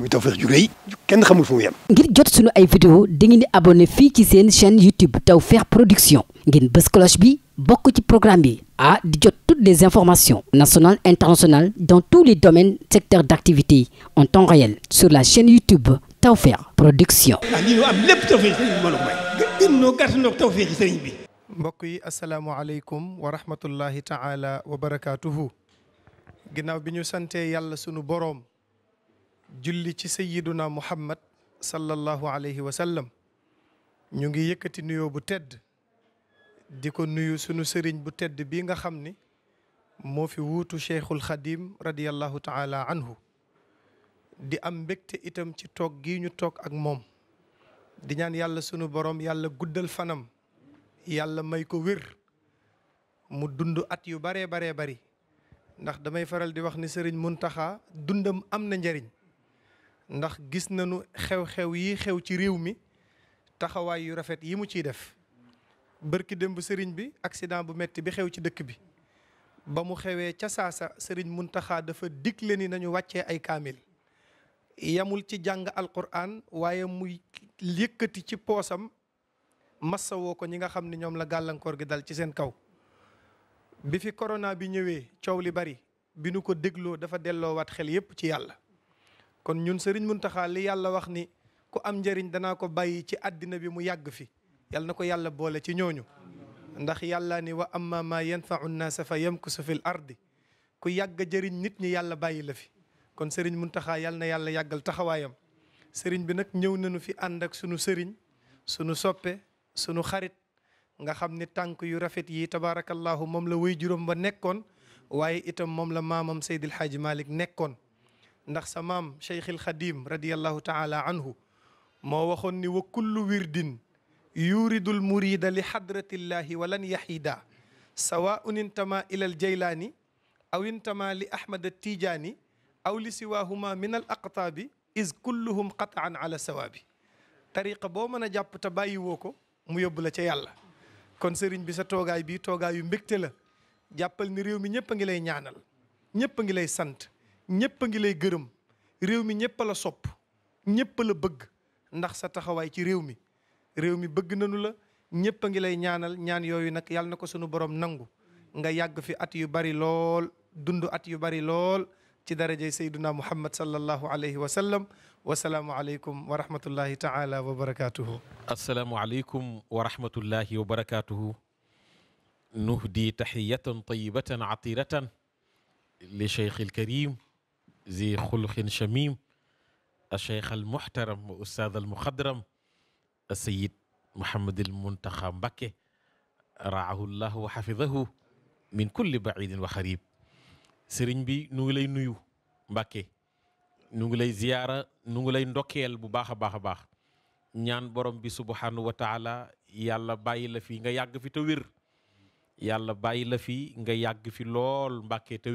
muy Tawfekh ju rëy kenn xamul fu mu yem. ngir jot sunu ay vidéo dangeen di abonné fii ci seen chaîne YouTube Tawfekh Production ngeen bës bi bokk ci programme bi ah di jot toutes les informations nationales internationales dans tous les domaines secteurs d'activité en temps réel sur la chaîne YouTube Tawfekh Production. ah lii am lépp Tawfekh sëriñ bi may. mbokk yi asalaamaaleykum wa rahmatullahi taala wa ginnaaw bi ñu santee yàlla sunu boroom. julli ci sayyiduna muhammad sallallahu alayhi wa sallam ñu ngi yëkkati nuyoo bu tedd di ko nuyu sunu sëriñ bu tedd bi nga xam ni moo fi wuutu cheikhul xadim radiyallahu taala anhu di am mbégte itam ci toog gi ñu toog ak moom di ñaan yàlla sunu borom yàlla guddal fanam yàlla may ko wér mu dund at yu baree baree bari ndax damay faral di wax ni sëriñ taxaa dundam am na njariñ ndax gis nañu xew-xew yi xew ci réew mi taxawaay yu rafet yi mu ciy def bërki démb sëriñ bi accident bu metti bi xew ci dëkk bi ba mu xewee ca saasa sëriñ taxaa dafa digle ni nañu wàccee ay kaamil yamul ci jàng alquran waaye muy yëkkati ci poosam massawoo ko ñi nga xam ne ñoom la gàllankoor gi dal ci seen kaw bi fi corona bi ñëwee coow li bari bi nu ko dégloo dafa delloowaat xel yépp ci yàlla kon ñun sëriñ Muntaxa li yàlla wax ni ku am njëriñ danaa ko bàyyi ci àddina bi mu yàgg fi yàlla na ko yàlla boole ci ñooñu ndax yàlla ni wa amma ma yanfau nnaasa fa yamkusu fil ardi ku yàgg jëriñ nit ñi yàlla bàyyi la fi kon sëriñ Muntaxa yàlla na yàlla yàggal taxawaayam sëriñ bi nag ñëw nañu fi ànd ak sunu sëriñ sunu soppe sunu xarit nga xam ni tànk yu rafet yi tabaarakallahu moom la wéy juróom ba nekkoon waaye itam moom la maamam Seydil Hadji Malick nekkoon ndax sa maam Cheikhil Khadim taala anhu moo waxoon ni wa kullu wirdin yuridul murida li hadratillahi walan yahida sawaun intama ila al aw intama li ahmad al tijaani aw li siwahuma min al aqtaabi is kulluhum qataan ala sawaabi tariqa boo mën a jàpp te bàyyi ko mu yóbbu la ca yàlla kon sëriñ bi sa toogaay bi toogaayu mbégte la jàppal ni réew mi ñëpp a ngi lay ñaanal ñëpp a ngi lay sant ñëpp a ngi lay gërëm réew mi ñëpp a la sopp ñëpp la bëgg ndax sa taxawaay ci réew mi réew mi bëgg nanu la ñëpp a ngi lay ñaanal ñaan yooyu nag yàlla na ko sunu boroom nangu nga yàgg fi at yu bari lool dund at yu bari lool ci darajey sayduna muhammad sallallahu alayhi wa sallam wasalaamu aleykum wa rahmatullahi taala wa barakatuhu asalaamu aleykum wa rahmatullahi wa barakatuhu nuhdi tahiyatan tayibatan atiratan li cheikh al karim zi xuluqin chamim acheikh al muhtaram wa ustaad al muxadram asayid Mouhamadul Mountakha Mbacké raahu wa xafidahu min kulli baidin wa xarib sëriñ bi nu lay nuyu Mbacké nu ngi lay ziyaara nu ngi lay ndokkeel bu baax a baax a baax ñaan borom bi subhaanahu wa taala yàlla bàyyi la fi nga yàgg fi te wér yàlla bàyyi la fi nga yàgg fi lool Mbacké te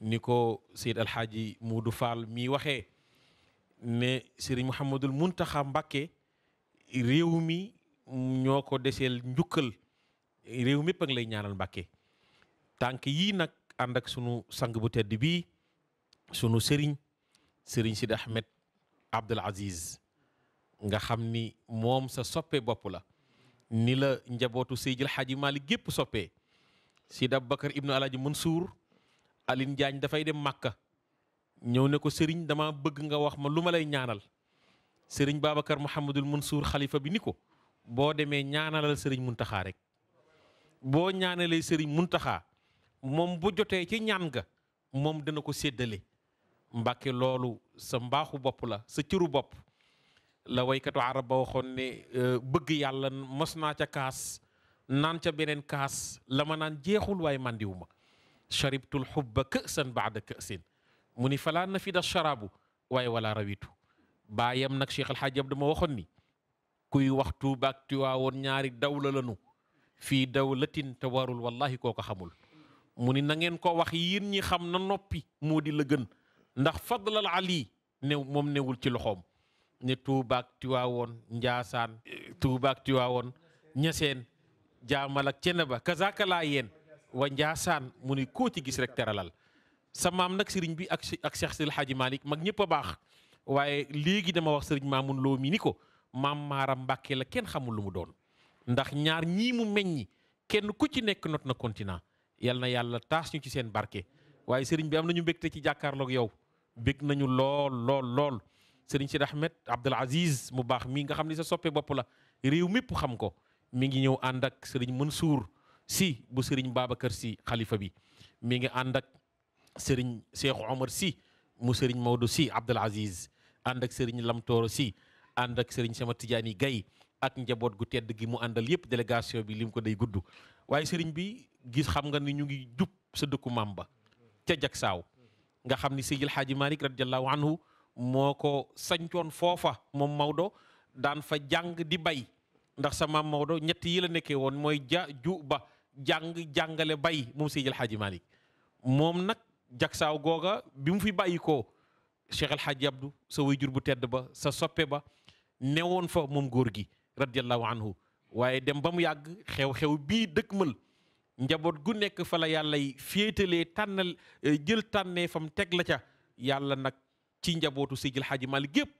ni ko Seyd Alxaaji Muudu Fall mii waxe ne Serigne Mouhamadul Muntaxa Mbàkke réew mi ñoo ko deseel njukkal réew mépp a lay ñaanal Mbàkke tànk yii nag ànd sunu sang bu tedd bii sunu Serigne Serigne Sidi Ahmed Abdul Aziz nga xam ni moom sa soppe bopp la ni la njabootu Seydil Xaaji Maalik gépp soppee Sidi Aboubacar ibnu Alaaji Mansour Aline Diagne dafay dem Màkka ñëw ne ko Serigne dama bëgg nga wax ma lu ma lay ñaanal Serigne Babacar Mouhamadul Mansour xalifa bi ni ko boo demee ñaanalal Serigne Muntaxa rek boo ñaanalee Serigne Muntaxa moom bu jotee ci ñaan ga moom dana ko séddale Mbàkke loolu sa mbaaxu bopp la sa cëru bopp la waykatu arab ba waxoon ne euh, bëgg yàlla mos naa ca kaas naan ca beneen kaas la ma naan jeexul waaye màndiwu ma sharibtul xubba kësan baada kësin mu ni falaa nafida sharaabu waaye wala rawitu baayam nag Cheikh El Hadj Abdou ma waxoon ni kuy wax Tuuba Tiwaawoon ñaari dawla lanu fii dawlatin te warul wallahi koo ko xamul mu ni nangeen ngeen ko wax yéen ñi xam na noppi moo di la gën ndax fadlal ali moom newul ci loxoom ne Tuuba ak Tiwaawoon Njaasaan Tuuba Tiwaawoon ñaseen jaamal ak cene ba kazaaka wa njaasaan mu ni koo ci gis rek teralal sa maam nag sëriñ bi ak ak Cheikh Seydi El Malick mag ñëpp a baax waaye léegi dama wax sëriñ Maamun Loo mi ni ko maam Maaram Mbàkke la kenn xamul lu mu doon ndax ñaar ñii mu meññi kenn ku ci nekk not na continent yal na yàlla taas ñu ci seen barke waaye sëriñ bi am nañu mbégte ci jàkkaarloog yow bég nañu lool lool lool sëriñ Sidi Ahmed Abdul Aziz mu baax mii nga xam ni sa soppe bopp la réew mépp xam ko mi ngi ñëw ànd ak sëriñ suur si bu sëriñ Babacar si xalifa bi mi ngi ànd ak sëriñ Cheikh Omar si mu sëriñ Maodo si Abdul Aziz ànd ak sëriñ Lamtooro si ànd ak sëriñ Sama Tidiane Gaye ak njaboot gu tedd gi mu àndal yëpp délégation bi lim ko day gudd waaye sëriñ bi gis xam nga ni ñu ngi jub sa dëkku maam ba ca Jaksaaw nga xam ni Seydil Hadji Malick radiallahu anhu moo ko sancoon foofa moom Maodo daan fa jàng di bay ndax sa maam Maodo ñett yi la nekkee woon mooy ju ba jàng jàngale bay moom Seydil Hadji Malick moom nag jagsaaw googa bi mu fi bàyyi koo Cheikh El Hadji Abdou sa wayjur bu tedd ba sa soppe ba newoon fa moom góor gi radiallahu anhu waaye dem ba mu yàgg xew-xew bii dëkk dëkkmal njaboot gu nekk fa la yàllay féetalee tànnal eh, jël tànnee mu teg la ca yàlla nag ci njabootu Seydil Hadji Malick yëpp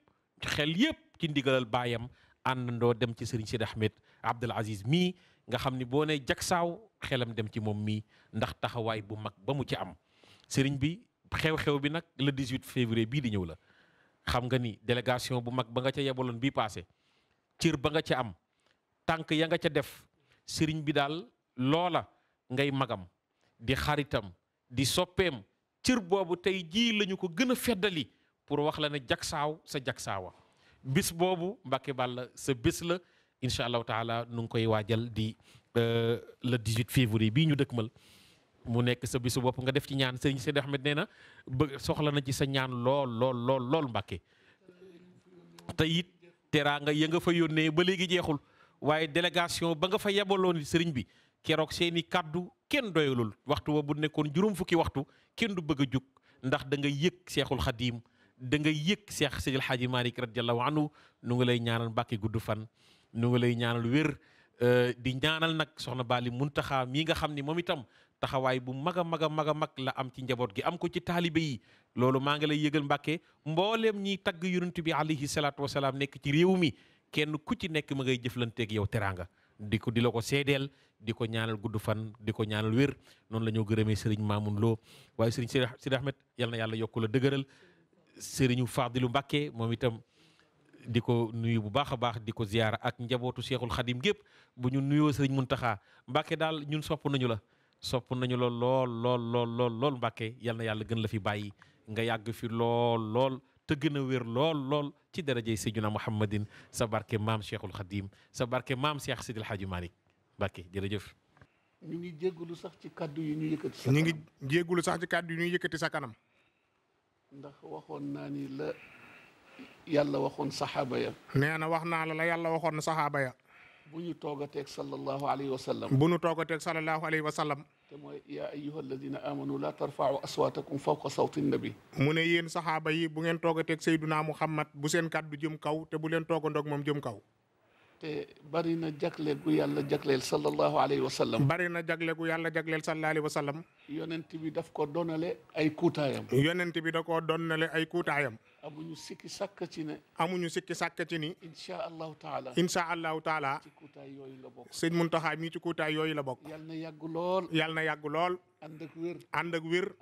xel yëpp ci ndigalal baayam àndandoo dem ci Serigne Sidi Ahmed Abdoul Aziz mii nga xam ni boo nee jagsaaw xelam dem ci moom mii ndax taxawaay bu mag ba mu ci am sëriñ bi xew-xew bi nag la le 18 février bii di ñëw la xam nga ni délégation bu mag ba nga ca yebaloon bii paase cër ba nga ca am tànk ya nga ca def sëriñ bi daal loola ngay magam di xaritam di soppeem cër boobu tey jii lañu ko gën a feddali pour wax la ne jagsaaw sa jagsaawa bis boobu Mbàkke Bàlla sa bés la incha allahu taala nu ngi koy waajal di euh, le 18 février bii ñu mal mu nekk sa bisu bopp nga def ci ñaan sëriñ Seydi Ahmed nee na bëgg soxla na ci sa ñaan lool lool lool lool Mbàkke te it teraanga ya nga fa yónnee ba léegi jeexul waaye délégation ba nga fa yebaloon sëriñ bi keroog seeni kàddu kenn doyalul waxtu wa bu nekkoon juróom fukki waxtu kenn du bëgg a jug ndax da nga yëg seexul xadiim da nga yëg seex Seydil Xaaji Maalik radiyallahu anhu nu ngi lay ñaanal Mbàkke gudd fan nu ngi lay ñaanal wér euh, di ñaanal nag soxna Bali Muntaxa mii nga xam ni moom itam taxawaay bu mag a mag a mag a mag la am ci njaboot gi am ko ci taalibe yi loolu maa ngi lay yëgal Mbàkke mbooleem ñiy tagg yonent bi alayhi salaatu wasalaam nekk ci réew mi kenn ku ci nekk ma ngay jëflanteeg yow teraanga di ko di la ko seedeel di ko ñaanal gudd fan di ko ñaanal wér noonu la ñoo gërëmee sëriñ Mamoun loo waaye sëriñ Sidi yal na yàlla yokkul a dëgëral sëriñu Fadilu Mbàkke moom itam di ko nuyu bu baax a baax di ko ziyaara ak njabootu Seexul Xadim gépp bu ñu nuyoo mun Muntaxa Mbàkke daal ñun sopp nañu la sopp nañu la lool lool lool lool lool Mbàkke yal na yàlla gën la fi bàyyi nga yàgg fi lool lool te gën wér lool lool ci darajey Seydina Muhammadin sa barke maam Seexul Xadim sa barke maam Seex Sidil Xaaji Maalik Mbàkke jërëjëf ñu ngi jéggulu sax ci kàddu yi ñu yëkkati sa kanam ngi jéggulu sax ci yi ñu sa kanam ndax waxoon naa ni la yàlla waxoon saxaaba ya. nee na wax naa la la yàlla waxoon saxaaba ya. bu ñu toogateeg sallallahu alayhi wa sallam. bu ñu toogateeg sallallahu alayhi wa sallam. te mooy yaa ayyuha alladina amanu laa tarfau aswaatakum fawqa sawti mu ne yéen saxaaba yi bu ngeen toogateeg Seyduna Muhammad bu seen kàddu jëm kaw te bu leen toogandoog moom jëm kaw. te bari na jagleel gu yàlla jagleel sallallahu alayhi bari na jagleel gu yàlla jagleel sallallahu alayhi wa sallam. yonent bi daf ko donale ay kuutaayam. yonent bi da koo donale ay kuutaayam. amuñu sikki sàkk ci ne. ñu sikki sàkk ci ni. incha allahu taala. incha allahu taala. ci kuutaay yooyu la bokk. sëñ Muntaxa mii ci kuutaay yooyu la bokk. yal na yàgg lool. yal na yàgg lool. ànd ak wér. ànd ak wér.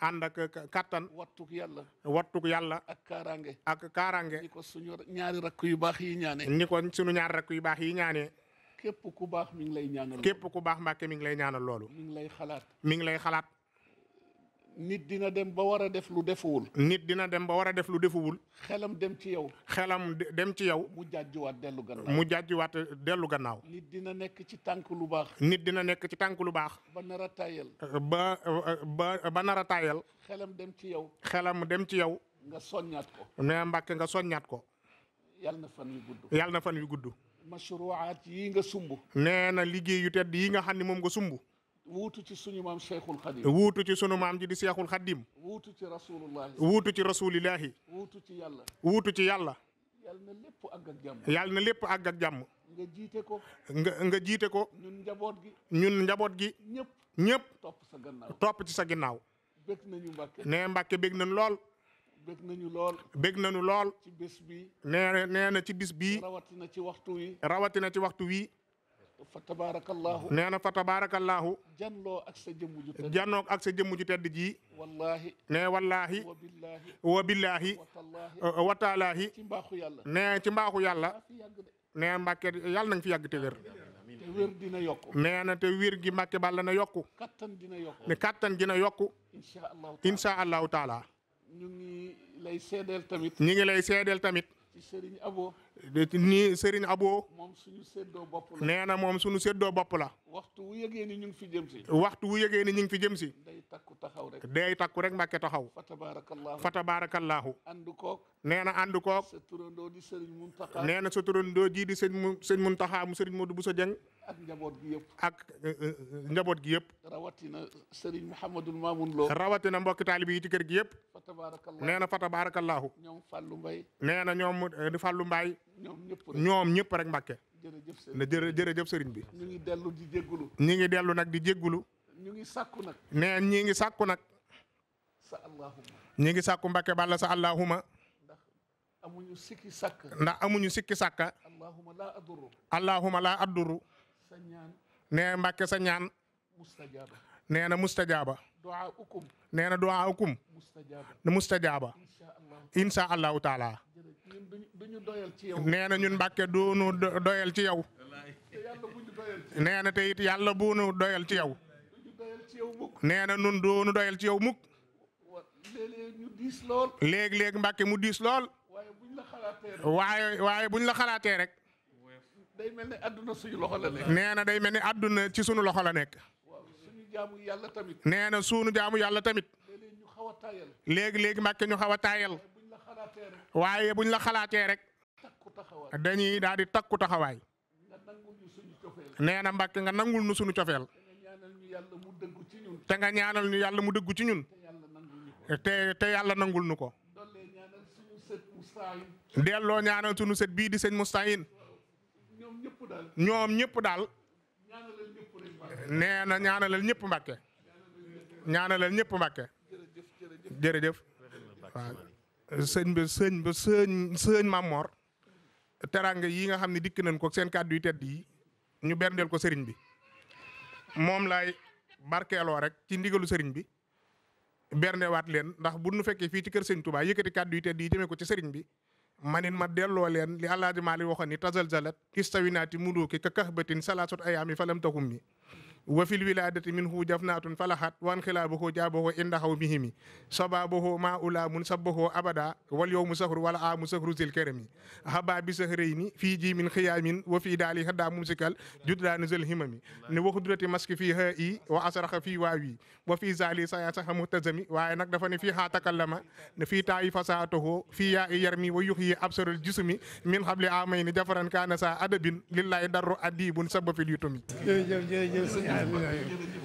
ànd ak kattan. kattan. wattuk yàlla. wattuk yàlla. ak kaaraange. ak kaaraange. ni ko suñu ñaari rakk yu baax yi ñaanee. ni ko suñu ñaari rakk yu baax yi ñaanee. képp ku baax mi ngi lay ñaanal. képp ku baax Mbàkke mi ngi lay ñaanal loolu. mi ngi lay xalaat. nit dina dem ba war a def lu defuwul. nit dina dem ba war a def lu defuwul. xelam dem ci yow. xelam dem ci yow. mu jàjjiwaat dellu gannaaw mu jàjjiwaat dellu gannaaw. nit dina nekk ci tànk lu baax. nit dina nekk ci tànk lu baax. ba ba ba nar a taayal. xelam dem ci yow. xelam dem ci yow. nga soññaat ko. nee Mbàkke nga soññaat ko. yàlla na fan yu gudd. yàlla na fan yu gudd. mashruwaat yii nga sumb. nee na liggéey yu tedd yi nga xam ne moom nga sumb. wuutu ci suñu maam Cheikhul Khadim. wuutu ci sunu maam ji di Cheikhul Khadim. wuutu ci rasulillahi. wuutu ci rasulillahi. wuutu ci yàlla. wuutu ci yàlla. yàlla na lépp àgg ak jàmm. na lépp àgg ak nga jiite ko. nga nga jiite ko. ñun njaboot gi. ñun njaboot gi. ñëpp. ñëpp. topp sa gannaaw topp ci sa ginnaaw. bég nañu Mbàkke. nee bég nañ lool. bég nañu lool. bég nañu lool. ci bi nee na ci bis rawatina ci waxtu wi. rawatina ci waxtu wi. fa tabaarakallaahu nee na fa tabaarakallaahu janloo ak sa jëmm ju tedd janloo ji wallaahi nee wallaahi wa billaahi wa taalaahi ci mbaaxu yàlla nee ci mbaaxu yàlla nee mbàkke yàlla nañ fi yàgg te wér te wér dina yokku nee na te wér gi mbàkke na yokku dina yokku ne kattan dina yokku insha allahu taala ñu ngi lay seedeel tamit nii Serigne Abo. moom suñu séddoo bopp la. nee na moom suñu séddoo bopp la. waxtu wu yëgee ni ñu ngi fi jëm si. waxtu wu yëgee ni ñu ngi fi jëm si. day takku taxaw rek. day takku rek mbàkke taxaw. fatabaarakallaahu fatabaarakallaahu. ànd koog. nee na ànd koog. sa turandoo di Serigne Mountakha. nee na sa turandoo jii di sëñ mu sëñ Mountakha mu Serigne Modou Bousso Dieng. ak njaboot gi yëpp. ak eh, eh, eh, njaboot gi yëpp. rawatina Serigne Mouhamadul Mamoun Lo. rawatina mbokki taalibi yi ci kër gi yëpp. fatabaarakallaahu nee na fatabaarakallaahu. ñoom Fallou Mbaye. nee na ñoom Fallou Mbaye ñoom ñëpp rek mbàkke ne jërë jërëjëf sëriñ bi ñu ngi dellu di jéggulu ñu ngi nag di jéggulu ñu ngi sàkku nag nee ñii ngi sàkku nag sa allahuma ngi sàkku mbàkke bàlla sa allahuma nda amuñu sikki sàkka ndax amuñu sikki sàkka allahuma laa adduru allahuma laa adduru sa ñaan nee mbàkke sa ñaan nee na mustajaaba duaa ukum nee na duaa ukum mustajaaba insha allahu taala nee na ñun mbàkke duunu doyal ci yow nee na te it yàlla buunu doyal ci yow neena na nun duunu doyal ci yaw mukk léeg-léeg mbàkke mu diis lool waaye waaye buñ la xalaatee rek day mel ni na day mel ni àdduna ci sunu loxo la nekk jaamu yàlla tamit. nee na suunu jaamu yàlla tamit. léegi xaw a taayal. léegi léegi màkk ñu xaw a taayal. waaye buñ la xalaatee rek. dañuy daal di takku taxawaay. nee na mbàkk nga nangul nu suñu cofeel. te nga ñaanal ñu yàlla mu dëggu ci ñun. te te yàlla nangul nu ko. delloo ñaanal suñu sët bii di sëñ Moustahine. ñoom ñëpp daal. nee na ñaanalal ñëpp Mbàkke ñaanalal ñëpp Mbàkke jërëjëf waaw sëñ bi sëñ sëñ sëñ Mamor teranga yi nga xam ne dikk nañ ko seen kàddu yu tedd yi ñu berndeel ko sëriñ bi moom laay barkeeloo rek ci ndigalu sëriñ bi berndewaat leen ndax bu nu fekkee fii ci kër sëñ Touba yëkkati kàddu yu tedd yi jëmee ko ci sëriñ bi manin ma delloo leen li alaaji Maalik waxoon ni tazalzalat istawinaati muluuki ka kahbatin salaasatu ayaami falam taxum mi wa fil wiladati minhu jafnaatun falaxat wan xilaabuhu jaabahu inda xaw mihimi sababuhu ma ulaamun sabahu abada wal yow mu sahru wala a mu sahru zil kerami haba bi sahrayni fii ji min xiyaamin wa fii daali hada mumsikal judraani zil himami ne wa xudrati maski fii ha i wa asraxa fii waawi wa fii zali saya saxa muhtazami waaye nag dafa ne fii ha takallama ne fii taa i fasaatuhu fii yaa i yarmi wa yuxyi absarul jismi min xabli amayni jafaran kaana sa adabin lillahi darru adibun saba fil yutumi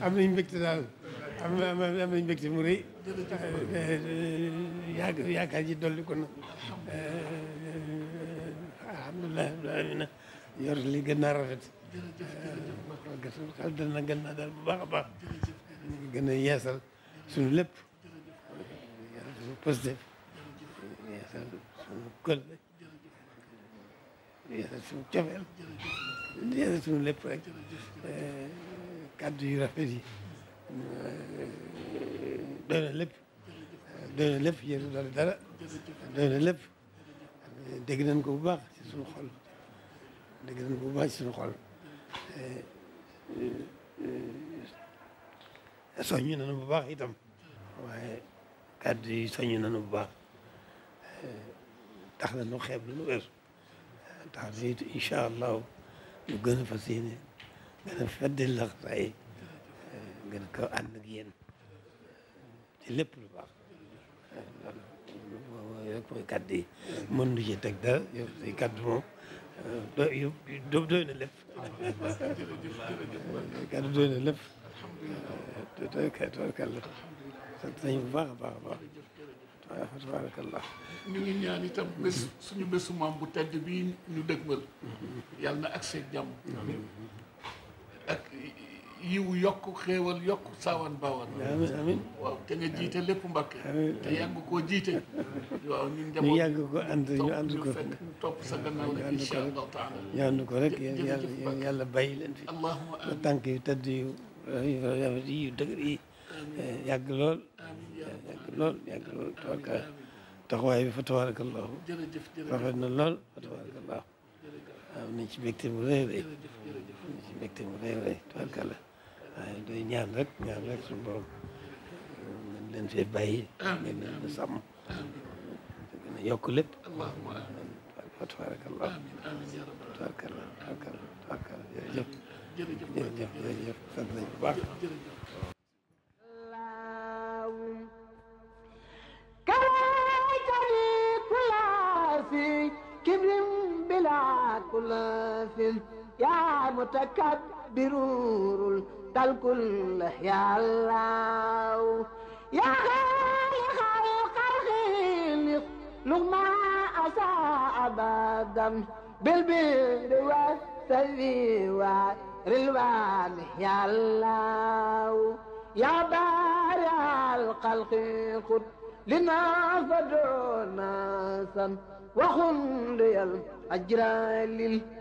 am nañ mbégte daal am am nañ mbégte mu rëy eh, yàgg yaakaar ji dolli ko na eh, eh, alhamdulilah bi na yor li gën naa rafet xel dal na gën naa daal bu baax a baax gën a yeesal suñu lépp suñu positif yeesal suñu kël yeesal suñu cofeel yeesal suñu lépp rek kàddu yu rafet yi doy na lépp doy na lépp yéen doy na dara doy na lépp dégg nañ ko bu baax ci suñu xol dégg nañ ko bu baax ci suñu xol soññu nañu bu baax itam waaye kàddu yi soññu nañu bu baax tax na nu xeeb lu nu wér tax na it incha allahu ñu gën a fas yéene gën a feddi laxasaay gën ko ànd ak yéen ci lépp lu baax loolu rek mooy kàddu yi mën nu ci teg dara yow say kàddu moom doo doy na lépp kàddu doy na lépp tabaarakallah sant nañu bu baax a baax a baax waaw tabaarakallah ñu ngi ñaan itam bés suñu bésu maam bu tedd bii ñu dëgmal yàlla na ak seeg jàmm yiw yokk xéewal yokk saawan baawan waaw te nga jiite lépp Mbàkke te yàgg koo jiite waaw ñun njaboot ñu yàgg ko ànd ñu ànd ko fekk topp sa gannaaw la insha allah taala ñu ànd ko rek yàlla yàlla bàyyi leen fi allahuma ba tànk yu tëdd yu rafet yi dëgër yi eh, yàgg lool yàgg lool yàgg lool tabaraka taxawaay bi fa tabaraka allah rafet na lool fa tabaraka allah am nañ ci mbégte bu rëy rëy am nañ ci mbégte bu rëy rëy tabaraka allah waaye day ñaan rek ñaan rek suñu borom nañ leen fee bàyyi nañ leen sàmm gën a yokk lépp wa tabarakallah tabarakallah tabarakallah jërëjëf jërëjëf jërëjëf sant nañ bu baax كبر بلا كلاف يا متكبر الكل يا الله يا خالق الخلق لما أساء أبدا بالبر والسر والرلوان يا الله يا بارع الخلق خذ لنا فدعو ناسا وخن لي الأجر لله